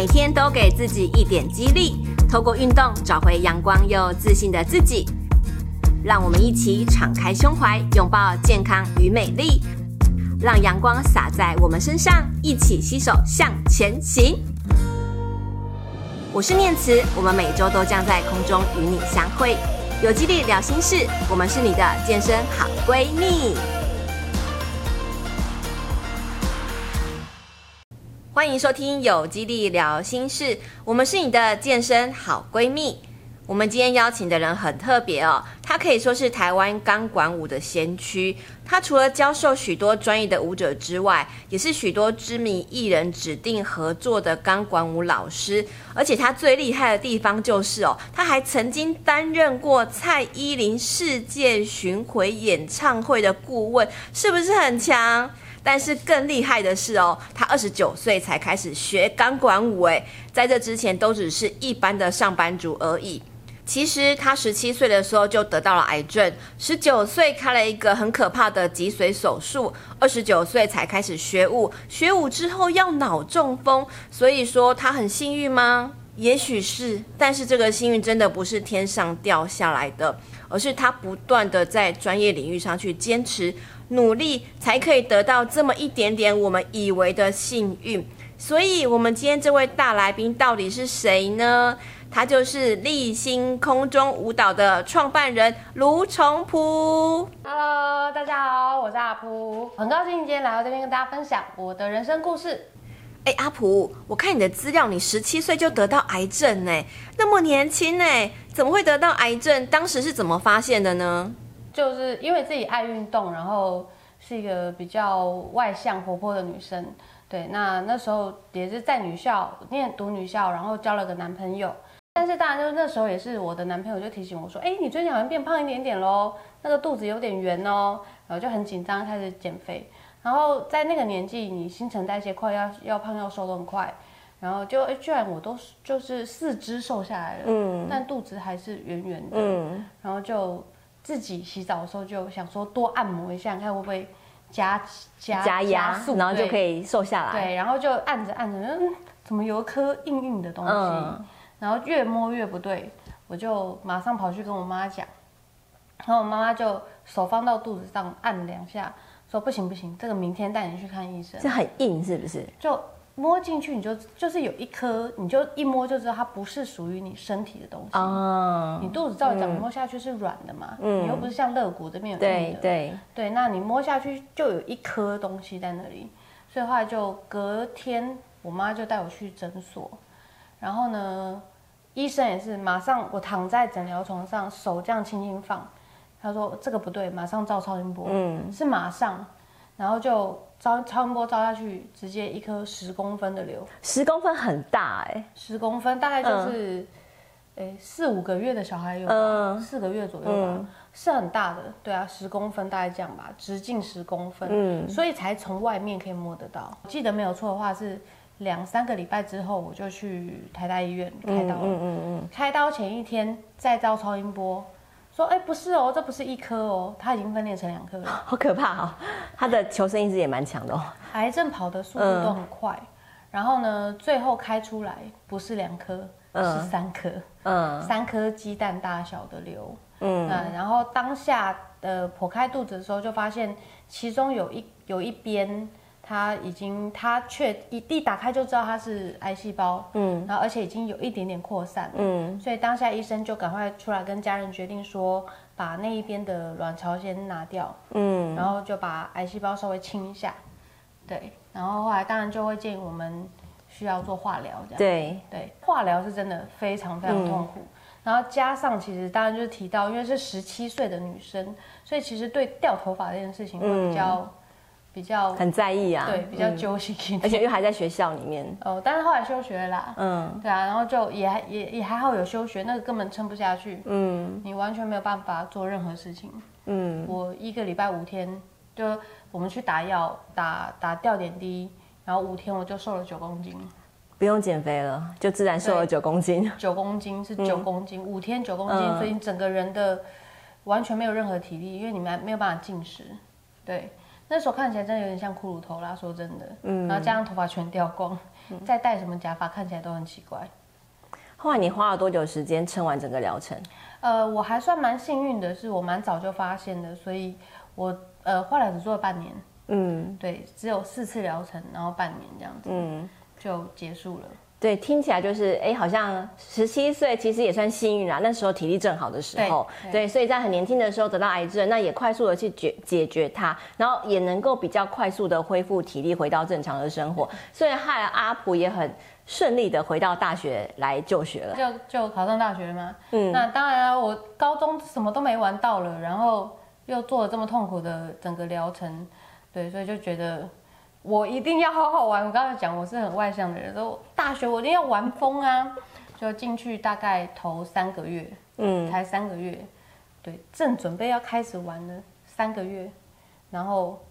每天都給自己一點激勵，透過運動找回陽光又自信的自己。讓我們一起敞開胸懷，擁抱健康與美麗，讓陽光灑在我們身上，一起攜手向前行。我是念慈，我們每週都將在空中與你相會，有肌勵聊心事，我們是你的健身好閨蜜。歡迎收聽《有肌勵聊心事》，我們是你的健身好閨蜜。我們今天邀請的人很特別哦，她可以說是台灣鋼管舞的先驅。她除了教授許多專業的舞者之外，也是許多知名藝人指定合作的鋼管舞老師。而且她最厲害的地方就是哦，她還曾經擔任過蔡依林世界巡迴演唱會的顧問，是不是很強？但是更厲害的是哦，他二十九歲才開始學鋼管舞，誒，在這之前都只是一般的上班族而已。其實他十七歲的時候就得到了癌症，十九歲開了一個很可怕的脊髓手術，二十九歲才開始學舞，學舞之後要腦中風，所以說他很幸運嗎？也許是，但是這個幸運真的不是天上掉下來的，而是他不斷的在專業領域上去堅持努力，才可以得到這麼一點點我們以為的幸運。所以，我們今天這位大來賓到底是誰呢？他就是立新空中舞蹈的創辦人盧崇璞。哈嘍，大家好，我是阿璞，很高興今天來到這邊跟大家分享我的人生故事。哎，阿璞，我看你的資料，你十七歲就得到癌症呢，那麼年輕呢，怎麼會得到癌症？當時是怎麼發現的呢？就是因為自己愛運動，然後是一個比較外向活潑的女生。對，那那時候也是在女校念讀女校，然後交了個男朋友。但是當然，就是那時候也是我的男朋友就提醒我說：“哎，你最近好像變胖一點點咯，那個肚子有點圓哦。”然後就很緊張，開始減肥。然後在那個年紀，你新陳代謝快要，要要胖要瘦都很快。然後就哎、欸，居然我都就是四肢瘦下來了，嗯，但肚子還是圓圓的，嗯。然後就自己洗澡的時候就想說多按摩一下，看會不會加加加壓，加速，然後就可以瘦下來。對，然後就按着按着，嗯，怎麼有一顆硬硬的東西？嗯。然後越摸越不對，我就馬上跑去跟我媽講。然後我媽媽就手放到肚子上按兩下。說不行不行，這個明天帶你去看醫生。這很硬是不是？就摸進去你就就是有一顆，你就一摸就知道它不是屬於你身體的東西啊。哦、你肚子照講、嗯、摸下去是軟的嘛，你又、嗯、不是像肋骨這邊有硬的，對對對。那你摸下去就有一顆東西在那裡，所以後來就隔天，我媽就帶我去診所，然後呢，醫生也是馬上我躺在診療床上，手這樣輕輕放。他說，這個不對，馬上照超音波。嗯、是馬上，然後就照超音波照下去，直接一顆十公分的瘤。十公分很大哎、欸。十公分大概就是、嗯，誒四五個月的小孩有吧、嗯、四個月左右吧？嗯、是很大的，對啊，十公分大概這樣吧，直徑十公分。所以才從外面可以摸得到。記得沒有錯的話是兩三個禮拜之後，我就去台大醫院開刀了、嗯。嗯。嗯，開刀前一天再照超音波。說哎，不是哦，這不是一顆哦，它已經分裂成兩顆了，好可怕哦！它的求生意志也蠻強的哦。癌症跑的速度都很快，嗯、然後呢，最後開出來不是兩顆，嗯、是三顆，嗯，三顆雞蛋大小的瘤，嗯，嗯，然後當下的剖開肚子的時候就發現，其中有一有一邊。他已經，他卻一一打開就知道他是癌細胞，嗯，然後而且已經有一點點擴散，嗯，所以當下醫生就趕快出來跟家人決定說，把那一邊的卵巢先拿掉，嗯，然後就把癌細胞稍微清一下，對，然後後來當然就會建議我們需要做化療這樣，對，對，化療是真的非常非常痛苦，嗯，然後加上其實當然就是提到，因為是十七歲的女生，所以其實對掉頭髮這件事情會比較，嗯。比較很在意啊，對，嗯、比較揪心，而且又還在學校裡面。哦，但是後來休學了啦。嗯，對啊，然後就也也也還好有休學，那個，根本撐不下去。嗯，你完全沒有辦法做任何事情。嗯，我一個禮拜五天，就我們去打藥，打打吊點滴，然後五天我就瘦了九公斤。不用減肥了，就自然瘦了九公斤。九公斤是九公斤，嗯，五天九公斤，所以你整個人的完全沒有任何體力，嗯，因為你們還沒有辦法進食。對。那時候看起來真的有點像骷髏頭啦，說真的，嗯，然後加上頭髮全掉光，嗯，再戴什麼假髮看起來都很奇怪。後來你花了多久時間撐完整個療程？呃，我還算蠻幸運的是，是我蠻早就發現的，所以我，我呃花了只做了半年，嗯，對，只有四次療程，然後半年這樣子，嗯，就結束了。對，聽起來就是哎，好像十七歲其實也算幸運啦，那時候體力正好的時候，對，對，對，所以在很年輕的時候得到癌症，那也快速的去解解決它，然後也能夠比較快速的恢復體力，回到正常的生活，對所以害了阿璞也很順利的回到大學來就學了，就就考上大學了嗎？嗯，那當然了、啊，我高中什麼都沒玩到了，然後又做了這麼痛苦的整個療程，對，所以就覺得。我一定要好好玩。我剛才講，我是很外向的人，都大學我一定要玩瘋啊！就進去大概頭三個月，嗯，才三個月，對，正準備要開始玩了三個月，然後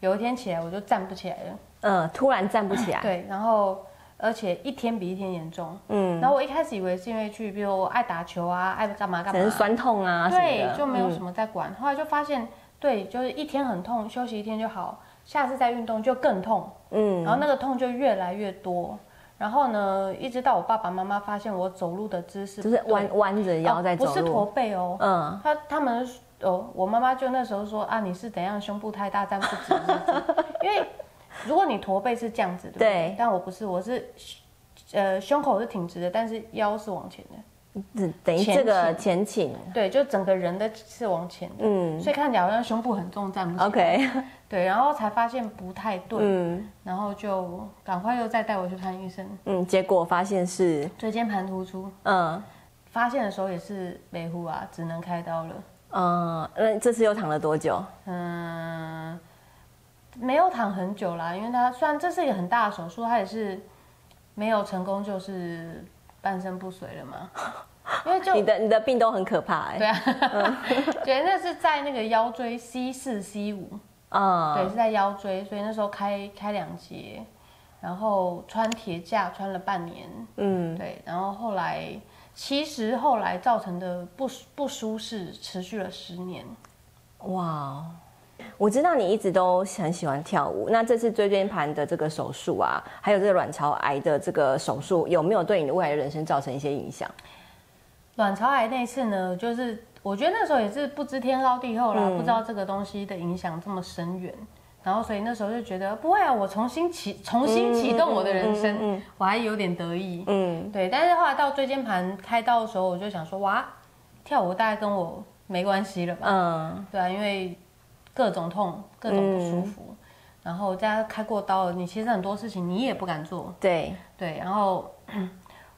有一天起來我就站不起來了，嗯，突然站不起來，對，然後而且一天比一天嚴重，嗯，然後我一開始以為是因為去，比如說我愛打球啊，愛幹嘛幹嘛，可能是痠痛啊，對，就沒有什麼在管，嗯、後來就發現，對，就是一天很痛，休息一天就好。下次再運動就更痛，嗯、然後那個痛就越來越多，然後呢，一直到我爸爸媽媽發現我走路的姿勢不就是彎彎着腰在走路，哦、不是駝背哦，嗯、他他們哦，我媽媽就那時候說啊，你是怎樣，胸部太大站不直， 因為如果你駝背是這樣子的，對不對？對，但我不是，我是呃胸口是挺直的，但是腰是往前的。等等於這個前傾，對，就整個人的是往前的，嗯，所以看起來好像胸部很重，站不起來。OK，對，然後才發現不太對，嗯，然後就趕快又再帶我去看醫生，嗯，結果發現是椎間盤突出，嗯，發現的時候也是維護啊，只能開刀了，嗯，那這次又躺了多久？嗯，沒有躺很久啦，因為他雖然這是一個很大的手術，他也是沒有成功，就是。半身不遂了嗎？ 因為就你的你的病都很可怕哎、欸。對啊，對， 覺得那是在那個腰椎 C 四 C 五啊、嗯，對，是在腰椎，所以那時候開開兩節，然後穿鐵架穿了半年，嗯，對，然後後來其實後來造成的不不舒適持續了十年，哇。我知道你一直都很喜歡跳舞。那這次椎間盤的這個手術啊，還有這個卵巢癌的這個手術，有沒有對你的未來的人生造成一些影響？卵巢癌那次呢，就是我覺得那時候也是不知天高地厚啦，嗯、不知道這個東西的影響這麼深遠。然後所以那時候就覺得不會啊，我重新啟重新啟動我的人生，嗯嗯嗯，我還有點得意。嗯，對。但是後來到椎間盤開刀的時候，我就想說，哇，跳舞大概跟我沒關係了吧？嗯，對啊，因為。各種痛，各種不舒服，嗯、然後家開過刀，你其實很多事情你也不敢做。對對，然後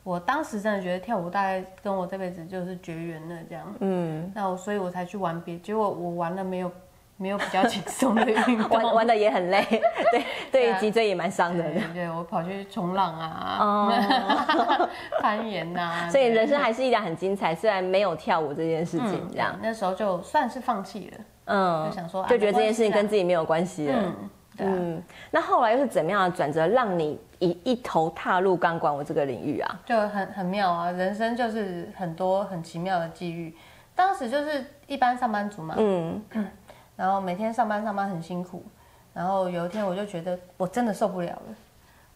我當時真的覺得跳舞大概跟我這輩子就是絕緣了，這樣。嗯，那我所以我才去玩別的，結果我玩了沒有沒有比較輕鬆的運動玩，玩玩的也很累，對對，脊椎也蠻傷的 對、啊對。對，我跑去衝浪啊，哦、 攀岩啊，所以人生還是依然很精彩，對雖然沒有跳舞這件事情這樣，嗯、那時候就算是放棄了。嗯，就想說、啊、就覺得這件事情跟自己沒有關係了。嗯，對啊、嗯，那後來又是怎麼樣的轉折，讓你一一頭踏入鋼管舞這個領域啊？就很很妙啊，人生就是很多很奇妙的際遇。當時就是一般上班族嘛，嗯， 然後每天上班上班很辛苦，然後有一天我就覺得我真的受不了了，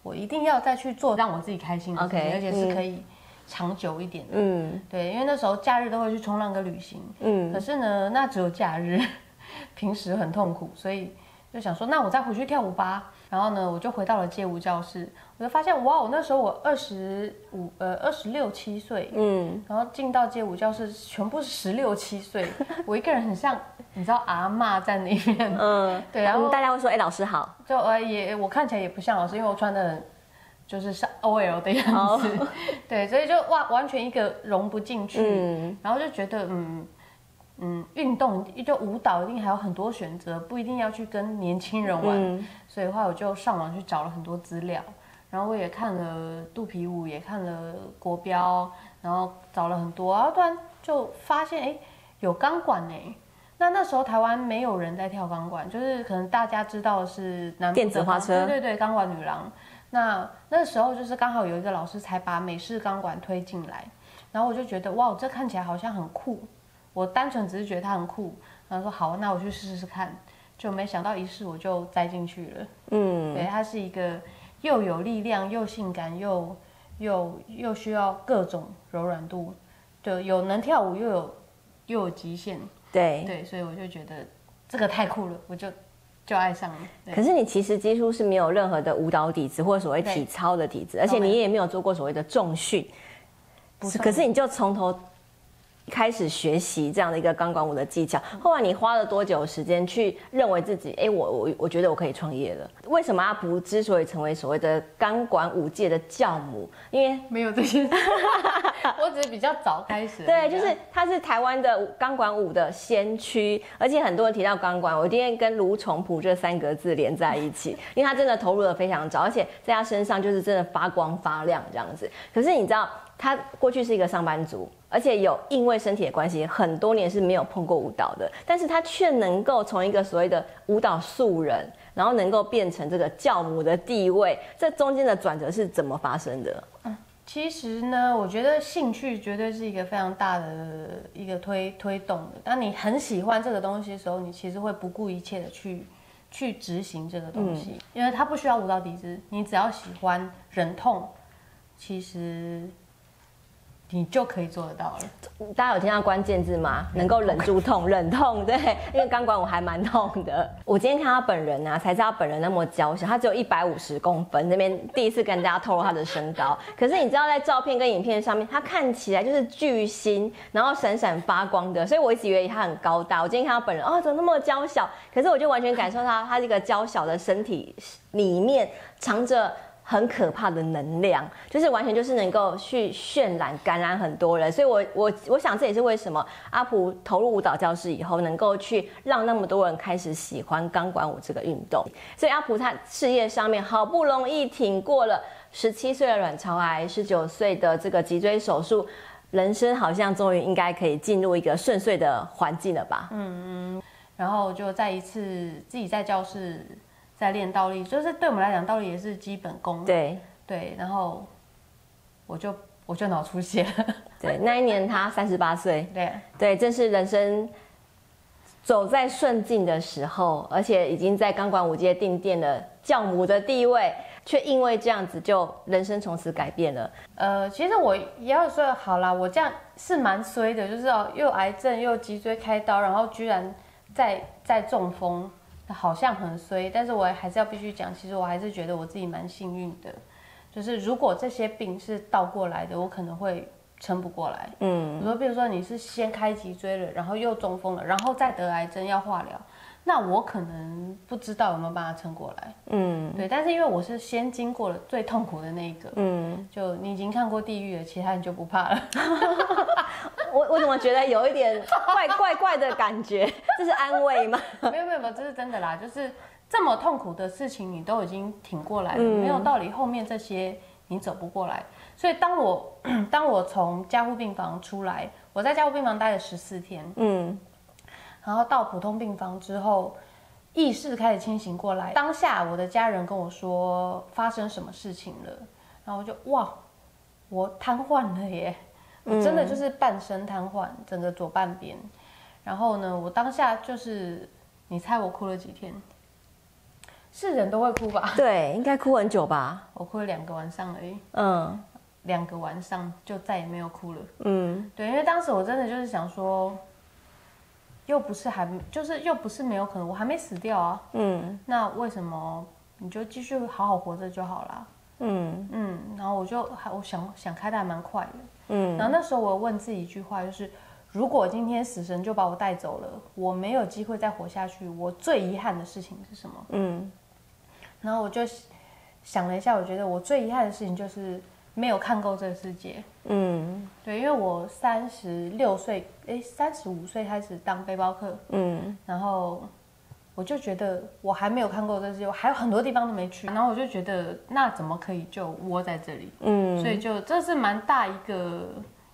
我一定要再去做讓我自己開心 OK，、嗯、而且是可以。長久一點的，嗯，對，因為那時候假日都會去衝浪跟旅行，嗯，可是呢，那只有假日，平時很痛苦，所以就想說，那我再回去跳舞吧。然後呢，我就回到了街舞教室，我就發現，哇，我那時候我二十五，呃，二十六七歲，嗯，然後進到街舞教室，全部是十六七歲，嗯、我一個人很像，你知道阿嬤在那邊，嗯，對，然後大家會說，哎、欸，老師好，就、呃、也我看起來也不像老師，因為我穿得很。就是上 OL 的樣子，好對，所以就哇，完全一個融不進去，嗯、然後就覺得嗯嗯，運、嗯、動就舞蹈一定還有很多選擇，不一定要去跟年輕人玩。嗯、所以的話，我就上網去找了很多資料，然後我也看了肚皮舞，也看了國標，然後找了很多，然後突然就發現哎、欸，有鋼管呢、欸。那那時候台灣沒有人在跳鋼管，就是可能大家知道的是男電子花車，對，對對，鋼管女郎。那那時候就是剛好有一個老師才把美式鋼管推進來，然後我就覺得哇，這看起來好像很酷。我單純只是覺得它很酷，然後說好，那我去試試看。就沒想到一試我就栽進去了。嗯，對，它是一個又有力量又性感又又又需要各種柔軟度，就有能跳舞又有又有極限。對對，所以我就覺得這個太酷了，我就。就愛上了，可是你其實幾乎是沒有任何的舞蹈底子，或所謂體操的底子，對而且你也沒有做過所謂的重訓，重可是你就從頭開始學習這樣的一個鋼管舞的技巧，後來你花了多久時間去認為自己？哎、欸，我我我覺得我可以創業了。為什麼阿璞之所以成為所謂的鋼管舞界的教母？因為沒有這些事， 我只是比較早開始。啊，對，就是他是台灣的鋼管舞的先驅，而且很多人提到鋼管，我一定跟盧崇璞這三個字連在一起， 因為他真的投入的非常早，而且在他身上就是真的發光發亮這樣子。可是你知道？他過去是一個上班族，而且有因為身體的關係，很多年是沒有碰過舞蹈的。但是他卻能夠從一個所謂的舞蹈素人，然後能夠變成這個教母的地位，這中間的轉折是怎麼發生的？嗯，其實呢，我覺得興趣絕對是一個非常大的一個推推動的。當你很喜歡這個東西的時候，你其實會不顧一切的去去執行這個東西，嗯。因為它不需要舞蹈底子，你只要喜歡，忍痛，其實。你就可以做得到了。大家有聽到關鍵字嗎？能夠忍住痛，忍痛，忍痛，對，因為鋼管舞還蠻痛的。我今天看他本人啊，才知道他本人那麼嬌小，他只有一百五十公分，那邊第一次跟大家透露他的身高。 可是你知道，在照片跟影片上面，他看起來就是巨星，然後閃閃發光的。所以我一直以為他很高大。我今天看他本人啊，哦，怎麼那麼嬌小？可是我就完全感受到他，他這個嬌小的身體裡面藏着，很可怕的能量，就是完全就是能夠去渲染、感染很多人，所以我，我我我想這也是為什麼阿璞投入舞蹈教室以後，能夠去讓那麼多人開始喜歡鋼管舞這個運動。所以，阿璞他事業上面好不容易挺過了十七歲的卵巢癌，十九歲的這個脊椎手術，人生好像終於應該可以進入一個順遂的環境了吧？嗯嗯，然後就再一次自己在教室，在練倒立，就是對我們來講，倒立也是基本功。對對，然後我就我就腦出血。 對，那一年他三十八歲，對、啊、對，正是人生走在順境的時候，而且已經在鋼管舞界奠定了教母的地位，卻因為這樣子就人生從此改變了。呃，其實我也要說好啦，我這樣是蠻衰的，就是哦，又癌症又脊椎開刀，然後居然在在中風。好像很衰，但是我還是要必須講。其實我還是覺得我自己蠻幸運的，就是如果這些病是倒過來的，我可能會撐不過來。嗯，比如說，比如說你是先開脊椎了，然後又中風了，然後再得癌症要化療，那我可能不知道有沒有辦法撐過來。嗯，對，但是因為我是先經過了最痛苦的那一個，嗯，就你已經看過地獄了，其他人就不怕了。 我我怎麼覺得有一點怪怪怪的感覺？ 這是安慰嗎？沒有沒有沒有，這是真的啦。就是這麼痛苦的事情，你都已經挺過來了，嗯、沒有道理後面這些你走不過來。所以當我當我從加護病房出來，我在加護病房待了十四天，嗯，然後到普通病房之後，意識開始清醒過來。當下我的家人跟我說發生什麼事情了，然後我就哇，我癱瘓了耶。我真的就是半身癱瘓，嗯、整個左半邊。然後呢，我當下就是，你猜我哭了幾天？是人都會哭吧？對，應該哭很久吧？我哭了兩個晚上而已。嗯，兩個晚上就再也沒有哭了。嗯，對，因為當時我真的就是想說，又不是還，就是又不是沒有可能，我還沒死掉啊。嗯，那為什麼你就繼續好好活着就好了？嗯嗯，然後我就還我想想開的還蠻快的，嗯，然後那時候我問自己一句話，就是如果今天死神就把我帶走了，我沒有機會再活下去，我最遺憾的事情是什麼？嗯，然後我就想了一下，我覺得我最遺憾的事情就是沒有看夠這個世界。嗯，對，因為我三十六歲，誒，三十五歲開始當背包客，嗯，然後。我就覺得我還沒有看過這些，我還有很多地方都沒去。然後我就覺得，那怎麼可以就窩在這裡？嗯，所以就這是蠻大一個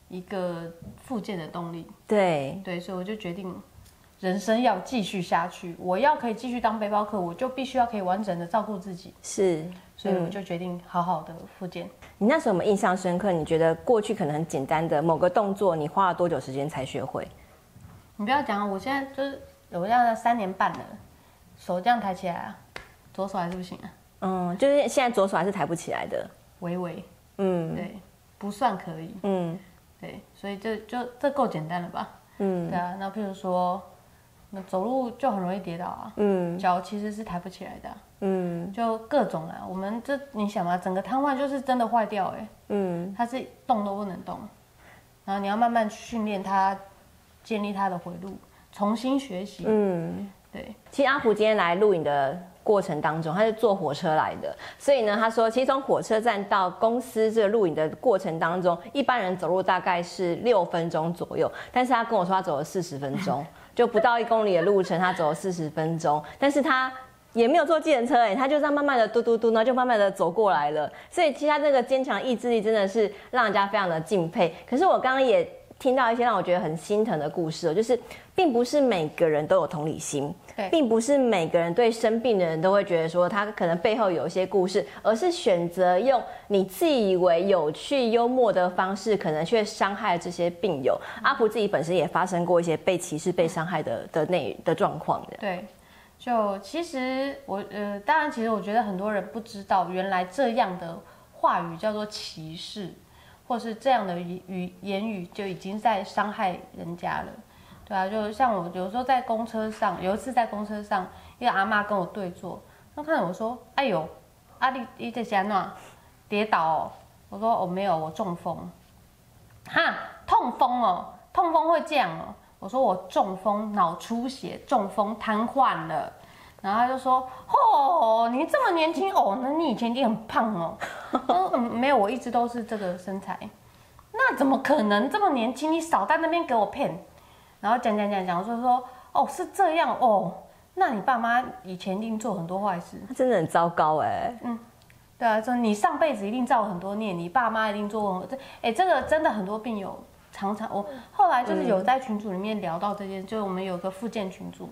一個復健的動力。對對，所以我就決定，人生要繼續下去，我要可以繼續當背包客，我就必須要可以完整的照顧自己。是，所以我就決定好好的復健。嗯。你那時候有沒有印象深刻？你覺得過去可能很簡單的某個動作，你花了多久時間才學會？你不要講，我現在就是我要三年半了。手這樣抬起來啊，左手還是不行啊。嗯，就是現在左手還是抬不起來的，微微。嗯，對，不算可以。嗯，對，所以就就這就這夠簡單了吧？嗯，對啊。那譬如說，那走路就很容易跌倒啊。嗯，腳其實是抬不起來的啊。嗯，就各種啊，我們這你想嘛，整個癱瘓就是真的壞掉哎。嗯，它是動都不能動，然後你要慢慢去訓練它，建立它的回路，重新學習。嗯。對，其實阿虎今天來錄影的過程當中，他是坐火車來的，所以呢，他說其實從火車站到公司這個錄影的過程當中，一般人走路大概是六分鐘左右，但是他跟我說他走了四十分鐘，就不到一公里的路程，他走了四十分鐘， 但是他也沒有坐計程車，哎，他就這樣慢慢的嘟嘟嘟呢，就慢慢的走過來了，所以其實他這個堅強意志力真的是讓人家非常的敬佩。可是我剛剛也。聽到一些讓我覺得很心疼的故事，就是並不是每個人都有同理心，對，並不是每個人對生病的人都會覺得說他可能背後有一些故事，而是選擇用你自以為有趣幽默的方式，可能去傷害這些病友。嗯、阿璞自己本身也發生過一些被歧視、被傷害的、嗯、的那的狀況的。對，就其實我呃，當然其實我覺得很多人不知道，原來這樣的話語叫做歧視。或是這樣的語言語就已經在傷害人家了，對啊，就像我有時候在公車上，有一次在公車上，一個阿媽跟我對坐，她看着我說：“哎呦，啊你這是在哪跌倒哦。”我說：“我沒有，我中風。”哈，痛風哦，痛風會這樣哦。我說我中風，腦出血，中風癱瘓了。然後他就說：“哦，你這麼年輕哦，那你以前一定很胖哦。 嗯”“沒有，我一直都是這個身材。”“那怎麼可能這麼年輕？你少在那邊給我騙。”然後講講講講說說：“哦，是這樣哦，那你爸媽以前一定做很多壞事。”“他真的很糟糕哎、欸。”“嗯，對啊，說你上輩子一定造了很多孽，你爸媽一定做過……多哎，這個真的很多病友常常我、哦、後來就是有在群組裡面聊到這件，嗯、就是我們有個復健群組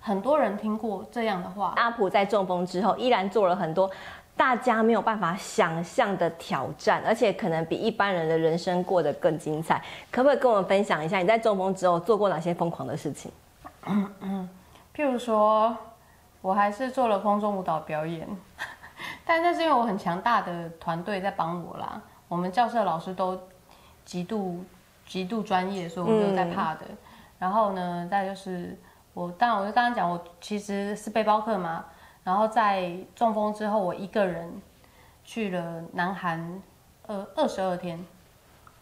很多人聽過這樣的話，阿璞在中風之後依然做了很多大家沒有辦法想象的挑戰，而且可能比一般人的人生過得更精彩。可不可以跟我們分享一下你在中風之後做過哪些瘋狂的事情？譬如說，我還是做了空中舞蹈表演，但那是因為我很強大的團隊在幫我啦。我們教室的老師都極度極度專業，所以我沒有在怕的。嗯、然後呢，再就是。我當然，但我就剛剛講，我其實是背包客嘛，然後在中風之後，我一個人去了南韓二二十二天，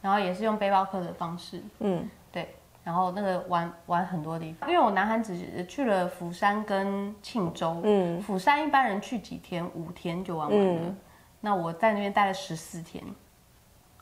然後也是用背包客的方式，嗯，對，然後那個玩玩很多地方，因為我南韓只是去了釜山跟慶州，嗯，釜山一般人去幾天，五天就玩完了，嗯，那我在那邊待了十四天。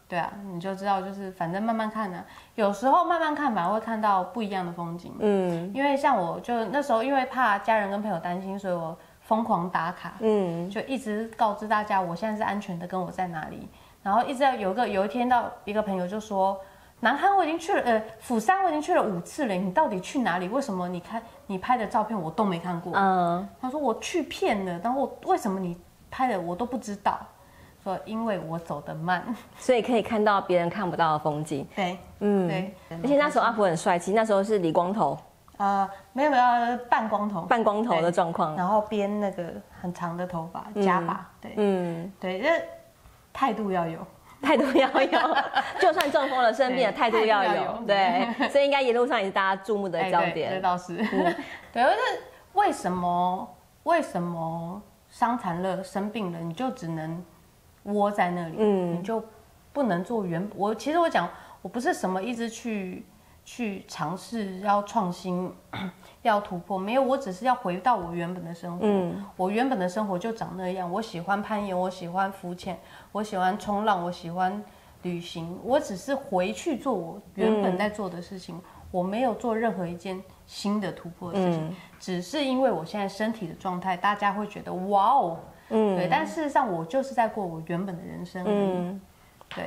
對啊，你就知道，就是反正慢慢看呢，啊。有時候慢慢看吧，會看到不一樣的風景。嗯，因為像我就，就那時候因為怕家人跟朋友擔心，所以我瘋狂打卡。嗯，就一直告知大家，我現在是安全的，跟我在哪裡。然後一直到有一個，有一天到一個朋友就說，南韓我已經去了，呃，釜山我已經去了五次了，你到底去哪裡？為什麼你看你拍的照片我都沒看過？嗯，他說我去騙的，但我為什麼你拍的我都不知道？說因為我走得慢，所以可以看到別人看不到的風景。對，嗯，對。而且那時候阿婆很帥氣，那時候是理光頭。啊，沒有沒有，半光頭，半光頭的狀況。然後編那個很長的頭髮，夾髮。對，嗯，對，就是態度要有，態度要有，就算中風了、生病了，態度要有。對，所以應該一路上也是大家注目的焦點。對倒是。嗯，對，為什麼為什麼傷殘了、生病了，你就只能？窩在那裡，你就不能做原、嗯、我。其實我講，我不是什麼一直去去嘗試要創新，要突破，沒有，我只是要回到我原本的生活。嗯、我原本的生活就長那樣。我喜歡攀岩，我喜歡浮潛，我喜歡衝浪，我喜歡旅行。我只是回去做我原本在做的事情，嗯、我沒有做任何一件新的突破的事情，嗯、只是因為我現在身體的狀態，大家會覺得哇哦。嗯，對，但事實上我就是在過我原本的人生。嗯，嗯對，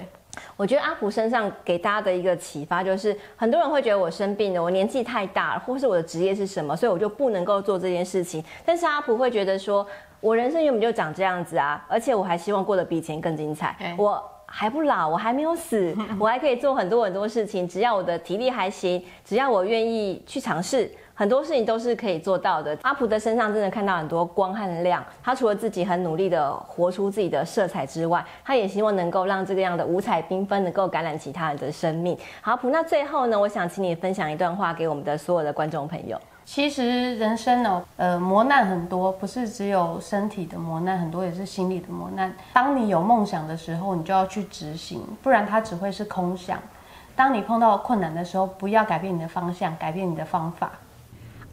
我覺得阿璞身上給大家的一個啟發就是，很多人會覺得我生病了，我年紀太大了，或是我的職業是什麼，所以我就不能夠做這件事情。但是阿璞會覺得說，我人生原本就長這樣子啊，而且我還希望過得比以前更精彩。Okay. 我還不老，我還沒有死，我還可以做很多很多事情。 只要我的體力還行，只要我願意去嘗試。很多事情都是可以做到的。阿普的身上真的看到很多光和亮。他除了自己很努力的活出自己的色彩之外，他也希望能夠讓這個樣的五彩繽紛能夠感染其他人的生命。好，那最後呢，我想請你分享一段話給我們的所有的觀眾朋友。其實人生呢、哦，呃，磨難很多，不是只有身體的磨難，很多也是心理的磨難。當你有夢想的時候，你就要去執行，不然它只會是空想。當你碰到困難的時候，不要改變你的方向，改變你的方法。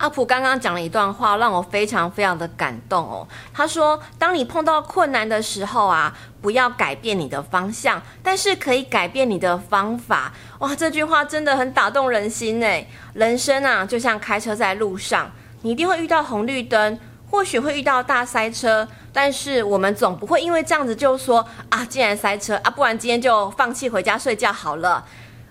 阿普剛剛講了一段話，讓我非常非常的感動哦。她說：“當你碰到困難的時候啊，不要改變你的方向，但是可以改變你的方法。”哇，這句話真的很打動人心呢。人生啊，就像開車在路上，你一定會遇到紅綠燈，或許會遇到大塞車，但是我們總不會因為這樣子就說啊，既然塞車啊，不然今天就放棄回家睡覺好了。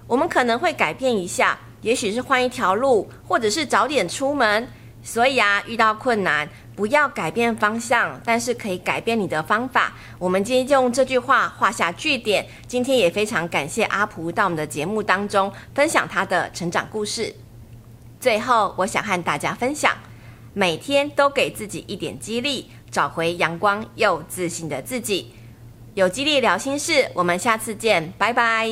我們可能會改變一下。也許是換一條路，或者是早點出門。所以啊，遇到困難不要改變方向，但是可以改變你的方法。我們今天就用這句話畫下句點。今天也非常感謝阿璞到我們的節目當中分享他的成長故事。最後，我想和大家分享，每天都給自己一點激勵，找回陽光又自信的自己。有肌勵聊心事，我們下次見，拜拜。